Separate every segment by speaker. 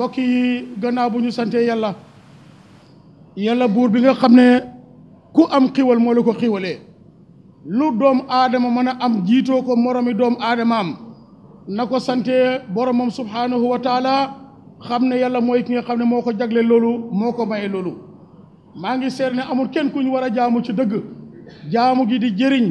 Speaker 1: mbokk yi gannaaw bu ñu santee yàlla yàlla buur bi nga xam ne ku am xiwal moo la ko xiwalee lu doom aadama mën a am jiitoo ko moroomi doomu aadama am na ko sante boromam subhaanahu wa taala xam ne yàlla mooy ki nga xam ne moo ko jagle loolu moo ko maye loolu maa ngi seer ne amul kenn ku ñu war a jaamu ci dëgg jaamu gi di jëriñ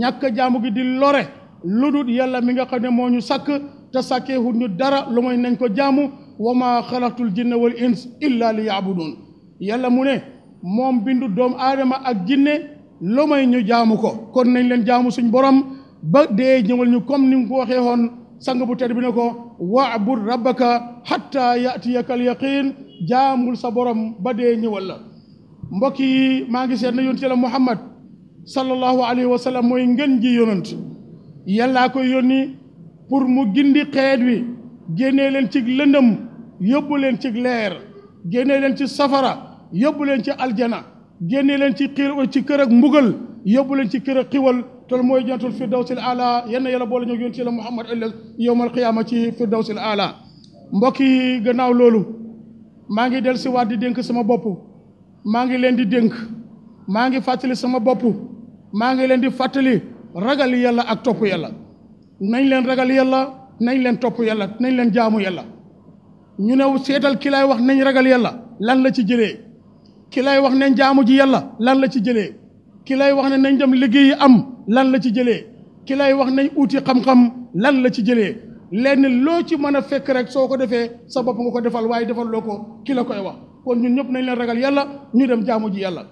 Speaker 1: ñàkk jaamu gi di lore lu dul yàlla mi nga xam ne moo ñu sàkk te sàkkeewut ñu dara lu mooy nañ ko jaamu wa maa xalaqtul jinna wal ins illa li yaabuduun yàlla mu ne moom bindu doom aadama ak jinne lu ñu jaamu ko kon nañ leen jaamu suñ borom ba dee ñëwal ñu comme ni mu ko waxee woon sang bu tedd bi ne ko waabud rabbaka xatta yatiyaka al yaqin jaamul sa borom ba dee ñëwal la mbokk yi maa ngi seet na yonent la muhammad sallallahu alayhi wa sallam mooy ngën ji yonent yàllaa koy yónni pour mu gindi xeet wi génnee leen ci lëndëm yóbbu leen ci leer génne leen ci safara yóbbu leen ci aljana génne leen ci xir ci kër ak mbugal yóbbu leen ci kër ak xiwal tol mooy jantul firdawsil ala yenn yàlla boole ñoo yonent yàlla muhammad ëllëg yowmal qiyaama ci firdawsil ala mbokk yi gannaaw loolu maa ngi del si waat di dénk sama bopp maa ngi leen di dénk maa ngi fàttali sama bopp maa ngi leen di fàttali ragal yàlla ak topp yàlla nañ leen ragal yàlla nañ leen topp yàlla nañ leen jaamu yàlla ñu ne seetal ki wax nañ ragal yàlla lan la ci jëlee ki lay wax nañ jaamu ji yàlla lan la ci jëlee ki lay wax ne nañ dem liggéeyi am lan la ci jëlee ki lay wax nañ uuti xam-xam lan la ci jëlee lenn loo ci mën a fekk rek soo ko defee sa bopp nga ko defal waaye defal loo ko ki koy wax kon ñu ñëpp nañ leen ragal yàlla ñu dem jaamu ji yàlla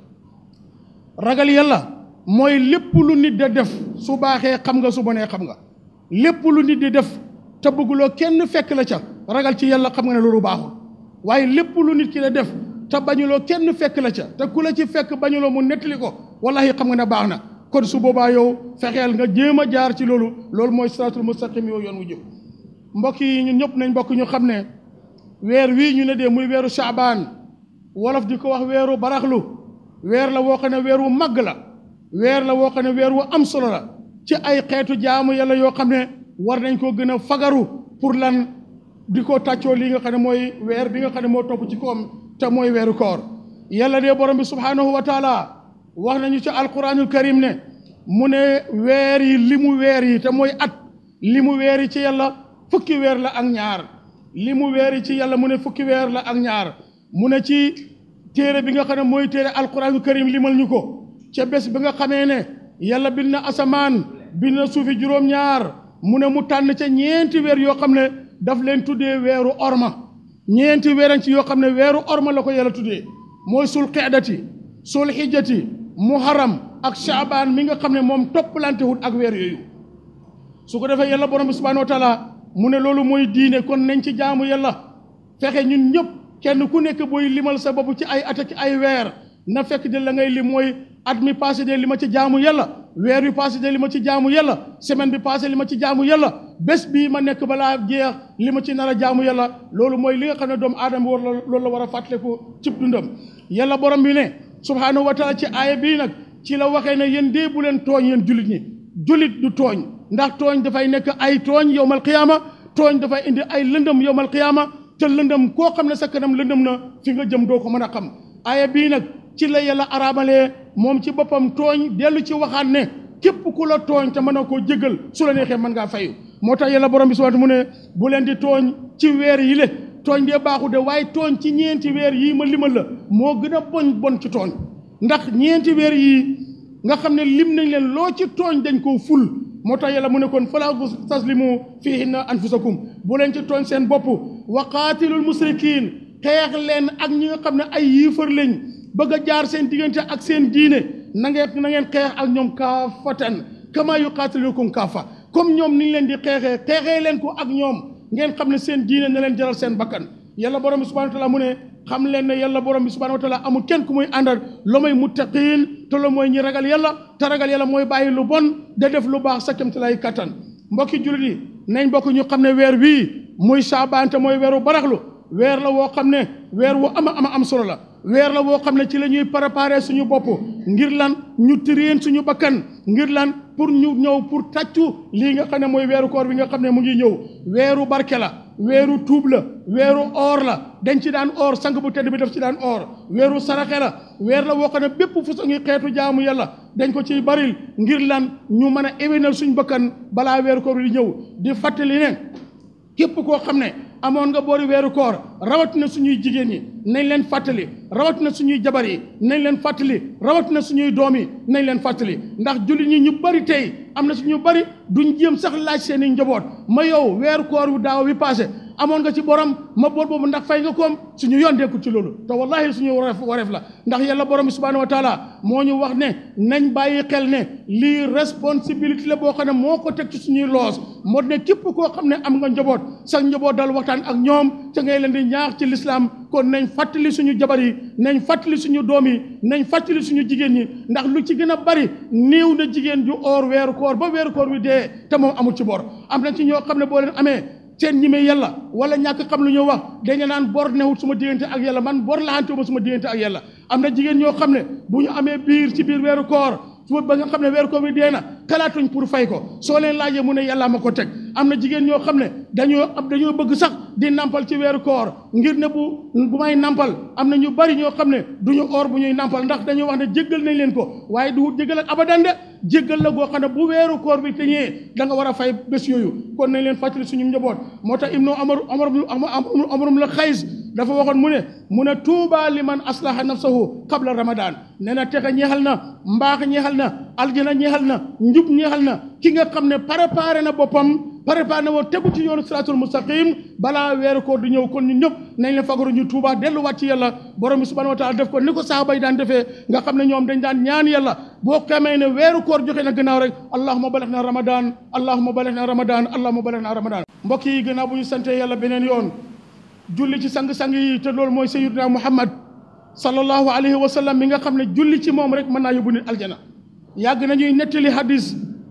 Speaker 1: ragal yàlla mooy lépp lu nit di def su baaxee xam nga su bonee xam nga lépp lu nit di def te bëgguloo kenn fekk la ca ragal ci yàlla xam nga ne loolu baaxul waaye lépp lu nit ki la def te bañuloo kenn fekk la ca te ku la ci fekk bañuloo mu nettali ko wallahi xam nga ne baax na kon su boobaa yow fexeel nga jéem a jaar ci loolu loolu mooy siraatul mustaqim yow yoon wu jëm mbokk yi ñu ñëpp nañ mbokk ñu xam ne weer wii ñu ne dee muy weeru caabaan wolof di ko wax weeru baraxlu weer la woo xam ne weer wu màgg la weer la woo xam ne weer wu am solo la ci ay xeetu jaamu yàlla yoo xam ne war nañ koo gën fagaru di ko taccoo lii nga xam ne mooy weer bi nga xam ne moo topp ci koom te mooy weeru koor yàlla de borom bi subhaanahu wa taala wax nañu ci alquranul karim ne mu ne weer yi li mu weer yi te mooy at li mu weer yi ci yàlla fukki weer la ak ñaar li mu weer yi ci yàlla mu ne fukki weer la ak ñaar mu ne ci téere bi nga xam ne mooy téere alquranul karim limal ñu ko ca bés bi nga xamee ne yàlla bind na asamaan bind na suufi juróom-ñaar mu ne mu tànn ca ñeenti weer yoo xam ne daf leen tuddee weeru orma ñeenti weeran ci yoo xam ne weeru orma la ko yàlla tuddee mooy sul qeedati sul mu muharam ak caabaan mi nga xam ne moom toppalante wut ak weer yooyu su ko defee yàlla borom bi subhanahu wa taala mu ne loolu mooy diine kon nañ ci jaamu yàlla fexe ñun ñëpp kenn ku nekk booy limal sa bopp ci ay at ak ay weer na fekk de la ngay lim mooy at mi passé de li ma ci jaamu yàlla weer yu passé de li ma ci jaamu yàlla semaine bi passé li ma ci jaamu yàlla bés bii ma nekk balaa jeex li ma ci nar a jaamu yàlla loolu mooy li nga xam ne doomu aadama war la loolu la war a fàttaliku cib dundam yàlla borom bi ne subhaanahu wa ci aaye bii nag ci la waxee na yéen dee leen tooñ yéen jullit ñi jullit du tooñ ndax tooñ dafay nekk ay tooñ yowmal qiyaama tooñ dafay indi ay lëndëm yowmal qiyaama te lëndëm koo xam ne sa kanam lëndëm na fi nga jëm doo ko mën a xam aaya bii nag ci la yàlla araamalee moom ci boppam tooñ dellu ci waxaat ne képp ku la tooñ te mën a koo jégal su la neexee mën ngaa fayu moo tax yàlla borom bi subhaanahu mu ne bu leen di tooñ ci weer yi le tooñ dee baaxu de waaye tooñ ci ñeenti weer yii ma limal la moo gën a bon bon ci tooñ ndax ñeenti weer yii nga xam ne lim nañ leen loo ci tooñ dañ koo ful moo tax yàlla mu ne kon falaa taslimu fiihinna anfusakum bu leen ci tooñ seen bopp wa qaatilul musrikiin xeex leen ak ñi nga xam ne ay yiifar lañ bëgg a jaar seen diggante ak seen diine na ngeen na ngeen xeex ak ñoom kaafatan kama yuqaatilukum kaafa comme ñoom ni ñu leen di xeexee xeexee leen ko ak ñoom ngeen xam ne seen diine na leen jaral seen bakkan yàlla borom bi subhanahu wa taala mu ne xam leen ne yàlla borom bi subhanahu wa taala amul kenn ku muy àndal lo may muttaqiin te lo mooy ñi ragal yàlla te ragal yàlla mooy bàyyi lu bon da def lu baax sa kéem lay kattan mbokki jullit yi nañ bokk ñu xam ne weer wii muy saabaan mooy weeru baraxlu weer la woo xam ne weer wu ama ama am solo la weer la woo xam ne ci la ñuy préparer suñu bopp ngir lan ñu tireen suñu bakkan ngir lan pour ñu ñëw pour tàccu lii nga xam ne mooy weeru koor bi nga xam ne mu ngi ñëw weeru barke la weeru tuub la weeru or la dañ ci daan or sang bu tedd bi daf ci daan or weeru saraxe la weer la woo xam ne bépp fu sa ngi xeetu jaamu yàlla dañ ko ciy baril ngir lan ñu mën a éwénal suñu bakkan balaa weeru koor bi ñëw di fàttali ne képp koo xam ne amoon nga boori weeru koor rawat na suñuy jigéen ñi nañ leen fàttali rawat na suñuy jabar yi nañ leen fàttali rawat na suñuy doom yi nañ leen fàttali ndax jullit ñi ñu bari tey am na suñu bari duñ jéem sax laaj seeni njaboot ma yow weeru koor wu daaw bi passé amoon nga ci borom ma bor boobu ndax fay nga koom suñu yoon dekkul ci loolu te wallahi suñu wareef wareef la ndax yàlla borom bi subhanahu wa taala moo ñu wax ne nañ bàyyi xel ne lii responsabilité la boo xam ne moo ko teg ci suñuy loos moo ne képp koo xam ne am nga njaboot sax njaboot dal waxtaan ak ñoom ca ngay leen di ñaax ci lislaam kon nañ fàttali suñu jabar yi nañ fàttali suñu doom yi nañ fàttali suñu jigéen ñi ndax lu ci gën a bari néew na jigéen ju oor weeru koor ba weeru koor wi dee te moom amul ci bor am na ci ñoo xam ne boo leen amee seen ñi may yàlla wala ñàkk xam lu ñu wax dañu naan bor newut suma diggante ak yàlla man bor laante ma suma diggante ak yàlla am na jigéen ñoo xam ne bu ñu amee biir ci biir weeru koor su ba nga xam ne weeru koor bi dee na xalaatuñ pour fay ko soo leen laajee mu ne yàllaa ma ko teg am na jigéen ñoo xam ne dañoo am dañoo bëgg sax di nampal ci weeru koor ngir ne bu bu may nampal am na ñu bari ñoo xam ne du ñu or bu ñuy nampal ndax dañuy wax ne jéggal nañ leen ko waaye du jégal ak jéggal na goo xam bu weeru koor bi te da danga war a fay bés yooyu kon nañ leen fàttali suñu njaboot moo tax ibnu amar amar la xays dafa waxoon mu ne mu ne tuuba li man aslaha nafsahu qabla ramadan nee na texe ñeexal na mbaax ñeexal na aljana ñeexal na njub ñeexal na ki nga xam ne préparé na boppam préparé na woon tegu ci yoonu siraatul mustaqim balaa weeru koor di ñëw kon ñu ñëpp nañ la fagaru ñu tuuba delluwaat ci yàlla borom bi subhanahu wa taala def ko ni ko saaba yi daan defee nga xam ne ñoom dañ daan ñaan yàlla boo xamee ne weeru koor joxe na gannaaw rek allahuma balex na ramadan allahuma balex na ramadan allahuma balex na ramadan mbokk yi gannaaw bu ñu santee yàlla beneen yoon julli ci sang-sang yi te lool mooy sayyidina muhammad sallallahu alayhi wa sallam mi nga xam ne julli ci moom rek mën naa yóbbu nit aljana yàgg na ñuy nettali hadis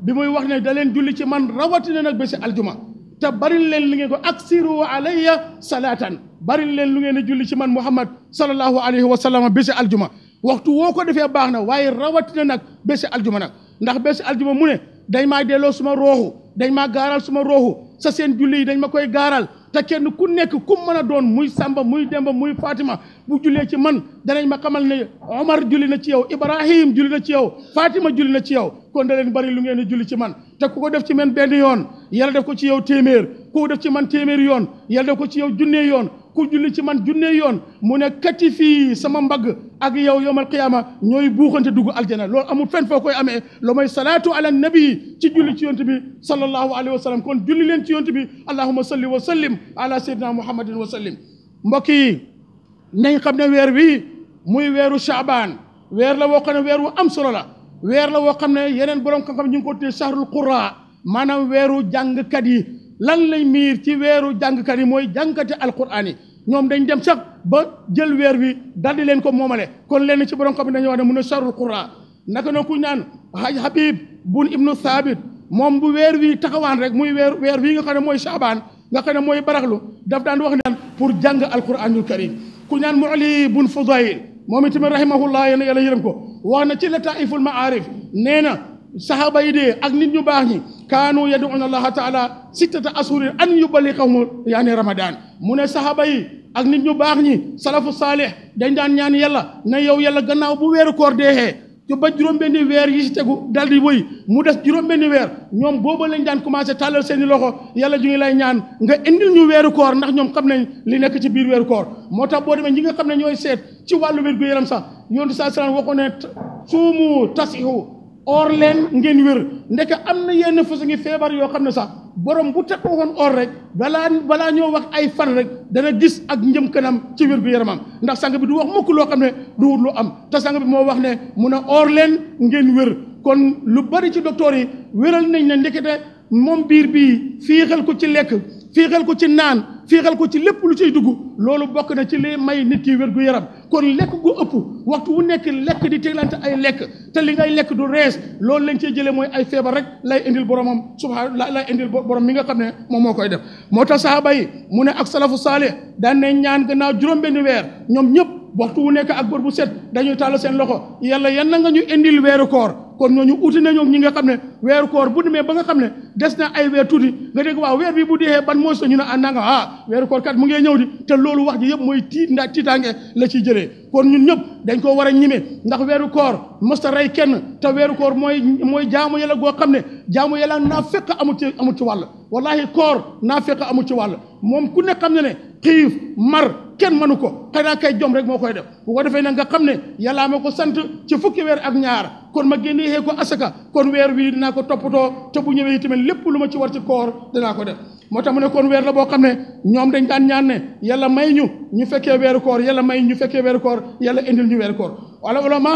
Speaker 1: bi muy wax ne da leen julli ci man rawatina nag bési aljuma te bari leen li ngeen ko aksiru alayya salaatan bari leen lu ngeen di julli ci man muhammad sallallahu alayhi wa sallam bési aljuma waxtu woo ko defee baax na waaye rawatina nag bési aljuma nag ndax bési aljuma mu ne dañ maa delloo suma rooxu dañ maa gaaral suma rooxu sa seen julli yi dañ ma koy gaaral te kenn ku nekk ku mën a doon muy Samba muy Demba muy Fatima bu jullee ci man danañ ma xamal ne Omar julli na ci yow Ibrahim julli na ci yow Fatima julli na ci yow kon da leen bari lu ngeen di julli ci man te ku ko def ci man benn yoon yàlla def ko ci yow téeméer ku def ci man téeméer yoon yàlla ko ci yow junne yoon ku julli ci man junne yoon mu ne kati fii sama mbag ak yow yowmal qiyaama ñooy buuxante dugg aljana loolu amul fenn foo koy amee lu moy salaatu ala nabi ci julli ci yonte bi sallallahu alayhi wa sallam kon julli leen ci yonte bi allahuma salli wa sallim ala sayyidina muhammadin wa sallim mbokk yi nañ xam ne weer wi muy weeru chaabaan weer la woo xam ne weer wu am solo la weer la woo xam ne yeneen borom xam-xam ñu ngi ko tuddee sahrul qurra weeru jàngkat yi lan lay miir ci weeru jàngkat yi mooy jàngkati alquran yi ñoom dañ dem sax ba jël weer wi daldi leen ko moomale kon lenn ci borom ko dañu wax ne mun a charul qura naka na ku ñaan haj habib bun ibnu saabit moom bu weer wi taxawaan rek muy weer weer wii nga xam ne mooy saabaan nga xam ne mooy baraxlu daf daan wax naan pour jàng alquranul karim ku ñaan muali bun fudayl moom itamit rahimahullah yéen yàlla yërëm ko wax na ci lataiful maarif nee na saxaaba yi dee ak nit ñu baax ñi kaanu yaduuna allaha taala sittata ashurin an yuballiqahum yaani ramadan mu ne saxaaba yi ak nit ñu baax ñi salafu saalih dañ daan ñaan yàlla na yow yàlla gannaaw bu weeru koor deexee te ba juróom-benni weer yi ci tegu dal di wëy mu des juróom-benni weer ñoom booba lañ daan commencé tàllal seeni loxo yàlla ju ngi ñaan nga indil ñu weeru koor ndax ñoom xam nañ li nekk ci biir weeru koor moo tax boo demee ñi nga xam ne ñooy seet ci wàllu wér gu yaram sax yonent saa salaam waxoon ne suumu tasihu or leen ngeen wér ndeke am na yenn fas ngi feebar yoo xam ne sax borom bu takkoo woon or rek balaa balaa ñoo wax ay fan rek dana gis ak njëm kanam ci wér gu yaramam ndax sang bi du wax mukk loo xam ne du wut lu am te sang bi moo wax ne mun a or leen ngeen wér kon lu bari ci docteur yi wéral nañ ne ndekete moom biir bii fiixal ko ci lekk fiixal ko ci naan fiixal ko ci lépp lu ciy dugg loolu bokk na ci li may nit ki wér gu yaram kon lekk gu ëpp waxtu wu nekk lekk di teglante ay lekk te li ngay lekk du rees loolu lañ cey jëlee mooy ay feebar rek lay indil boromam subhaana lay indil borom mi nga xam ne moom moo koy def moo tax saaba yi mu ne ak salafu saalih daan ne ñaan gannaaw juróom-benn weer ñoom ñëpp waxtu wu nekk ak bër bu set dañuy tàll seen loxo yàlla yan na nga ñu indil weeru koor kon ñooñu uti nañoo ñi nga xam ne weeru koor bu demee ba nga xam ne des na ay weer tuuti nga dégg waaw weer bi bu dee ban mooy ñu ne ah nanga ah weeru koor kat mu ngee ñëw di te loolu wax ji yëpp mooy tiit ndax tiitaange la ciy jëlee kon ñun ñëpp dañ koo war a ñime ndax weeru koor mësta rey kenn te weeru koor mooy mooy jaamu yàlla goo xam ne jaamu yàlla naa fekk amul ci amul ci wàll wallahi koor naa fekk amul ci wàll moom ku nekk xam ne ne xiif mar kenn mënu ko xanaa kay jom rek moo koy def bu ko defee nag nga xam ne yàllaa ma ko sant ci fukki weer ak ñaar kon ma génnee ko asaka kon weer wi dinaa ko toppatoo te bu ñëwee tamit lépp lu ma ci war ci koor dinaa ko def moo tax mu ne kon weer la boo xam ne ñoom dañ daan ñaan ne yàlla may ñu ñu fekkee weer koor yàlla may ñu fekkee weeru koor yàlla indil ñu weer koor wala wala ma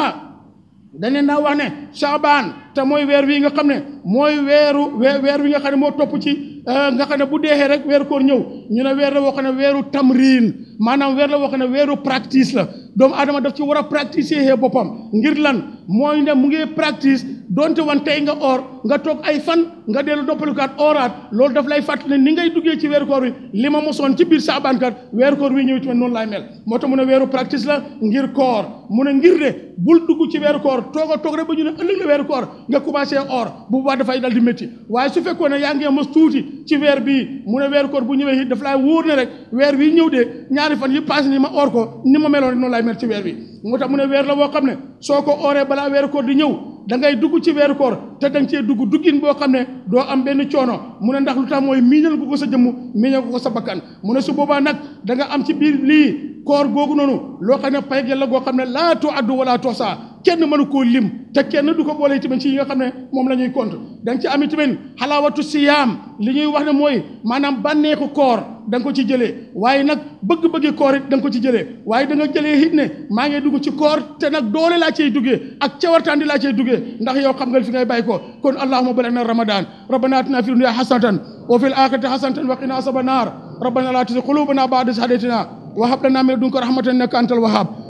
Speaker 1: dañ leen daa wax ne Shaabaan te mooy weer wi nga xam ne mooy weeru weer wi nga xam ne moo topp ci Euh, nga xam ne bu deexee rek weer koor ñëw ñu ne weer la woo na ne weeru tamrin maanaam weer la woo xam ne weeru practice la doomu aadama daf ci war a practice boppam ngir lan mooy ne mu ngi practice donte wan tey nga or nga toog ay fan nga dellu noppalukaat oraat loolu daf lay fàttali ni ngay duggee ci weeru koor wi li ma mosoon ci biir saabaankat weeru koor wi ñëw ci noonu laay mel moo tax mu ne weeru practice la ngir mu ngir bul dugg ci weeru koor toog a toog rek ba ñu ne ëllëg la weeru nga commencé or bu boobaa dafay dal di métti waaye su fekkoon ne yaa ngi mos tuuti ci weer mu ne weeru koor bu ñëwee it daf wóor ne rek weer wi ñëw de ñaari fan yi passé ni ma or ni ma meloon noonu laay weer wi moo tax mu ne weer la boo xam ne soo ko ooree balaa weer koor di ñëw da ngay dugg ci weeru koor te da cee dugg duggin boo xam ne doo am benn coono mu ne ndax lu tax mooy miiñal ko ko sa jëmm miiñal ko ko sa bakkan mu ne su boobaa nag danga am ci biir lii koor googu noonu loo xam ne pay la goo xam ne laa too addu wala too saa kenn mënu koo lim te kenn du ko boole tamit ci yi nga xam ne moom la ñuy compte da nga ci am itamit xalaawatu siyaam li ñuy wax ne mooy maanaam bànneexu koor da ko ci jële waaye nag bëgg-bëggi koor it ko ci jëlee waaye da nga jëlee it maa ngi dugg ci koor te nag doole laa cay duggee ak cawartaandi laa cay duggee ndax yow xam nga fi ngay bàyyi ko kon allahuma balagna ramadan rabbana atina fi dunya hasanatan wa fil akhirati hasanatan wa qina asaba naar rabbana la tusi qulubana ba'da is hadaytana wa hab lana min ladunka rahmatan innaka antal wahhab